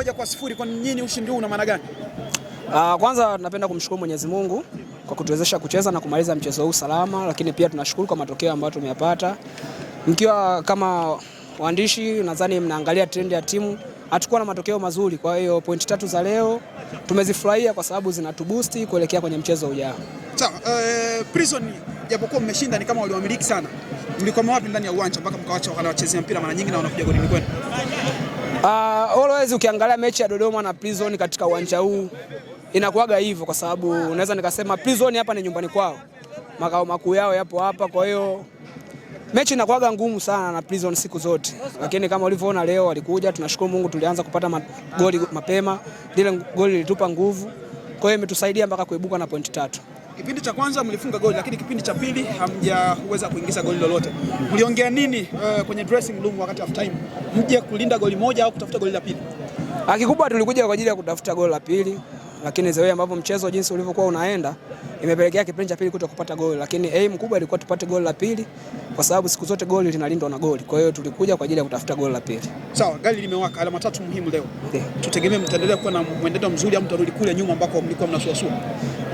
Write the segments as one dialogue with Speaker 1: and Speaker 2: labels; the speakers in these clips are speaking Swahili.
Speaker 1: moja kwa sifuri. Kwa nini ushindi huu una maana gani?
Speaker 2: Uh, kwanza napenda kumshukuru Mwenyezi Mungu kwa kutuwezesha kucheza na kumaliza mchezo huu salama, lakini pia tunashukuru kwa matokeo ambayo tumeyapata. Mkiwa kama waandishi, nadhani mnaangalia trend ya timu, hatukuwa na matokeo mazuri. Kwa hiyo pointi tatu za leo tumezifurahia kwa sababu zinatubusti kuelekea kwenye mchezo ujao.
Speaker 1: Sawa, uh, Prison japokuwa mmeshinda ni kama waliwamiliki sana. Mlikuwa wapi ndani ya uwanja mpaka mkawacha wale mpira mara nyingi na wanakuja golini kwenu?
Speaker 2: Uh, always ukiangalia mechi ya Dodoma na Prison katika uwanja huu inakuwaga hivyo, kwa sababu unaweza nikasema Prison hapa ni nyumbani kwao, makao makuu yao yapo hapa, kwa hiyo mechi inakuwaga ngumu sana na Prison siku zote, lakini kama ulivyoona leo walikuja, tunashukuru Mungu tulianza kupata magoli mapema, lile goli lilitupa nguvu, kwa hiyo imetusaidia mpaka kuibuka na pointi tatu.
Speaker 1: Kipindi cha kwanza mlifunga goli, lakini kipindi cha pili hamjaweza kuingiza goli lolote. Mliongea nini uh, kwenye dressing room wakati half time, mje kulinda goli moja au kutafuta goli la pili?
Speaker 2: Ah, kikubwa tulikuja kwa ajili ya kutafuta goli la pili, lakini zewe ambapo mchezo jinsi ulivyokuwa unaenda imepelekea kipindi cha pili kutokupata goli, lakini aim kubwa ilikuwa tupate goli la pili, kwa sababu siku zote goli linalindwa na goli. Kwa hiyo tulikuja kwa ajili ya kutafuta goli la pili.
Speaker 1: Sawa, gari limewaka, alama tatu muhimu leo. Tutegemee mtaendelea kuwa na mwenendo mzuri au mtarudi kule nyuma ambako mlikuwa mnasuasua?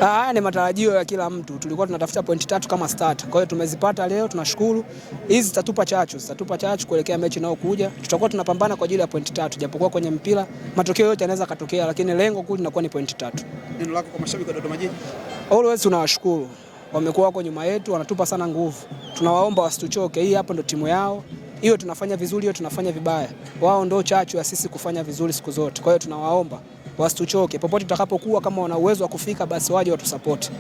Speaker 2: Haya ah, ni matarajio ya kila mtu. Tulikuwa tunatafuta pointi tatu kama start, Kwa hiyo tumezipata leo, tunashukuru. Hizi zitatupa chachu, zitatupa chachu kuelekea mechi inayokuja. Tutakuwa tunapambana kwa ajili ya pointi tatu. Japokuwa kwenye mpira matokeo yote yanaweza katokea, lakini lengo kuu linakuwa ni pointi tatu.
Speaker 1: Neno lako kwa mashabiki wa Dodoma Jiji?
Speaker 2: Always tunawashukuru. Wamekuwa wako nyuma yetu, wanatupa sana nguvu. Tunawaomba wasituchoke. Hii hapa ndo timu yao. Hiyo tunafanya vizuri, hiyo tunafanya vibaya. Wao ndo chachu ya sisi kufanya vizuri siku zote. Kwa hiyo tunawaomba wasituchoke popote tutakapokuwa, kama wana uwezo wa kufika basi waje watusapoti.